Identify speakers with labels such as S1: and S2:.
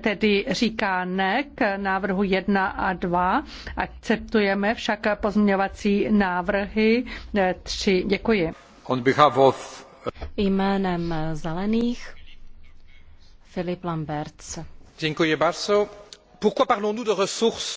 S1: tedy říká ne k návrhu 1 a 2. Akceptujeme však pozměňovací návrhy 3. Eh, Děkuji.
S2: On behalf of...
S1: Jménem zelených Filip Lamberts.
S3: Děkuji bardzo. Pourquoi parlons-nous de ressources?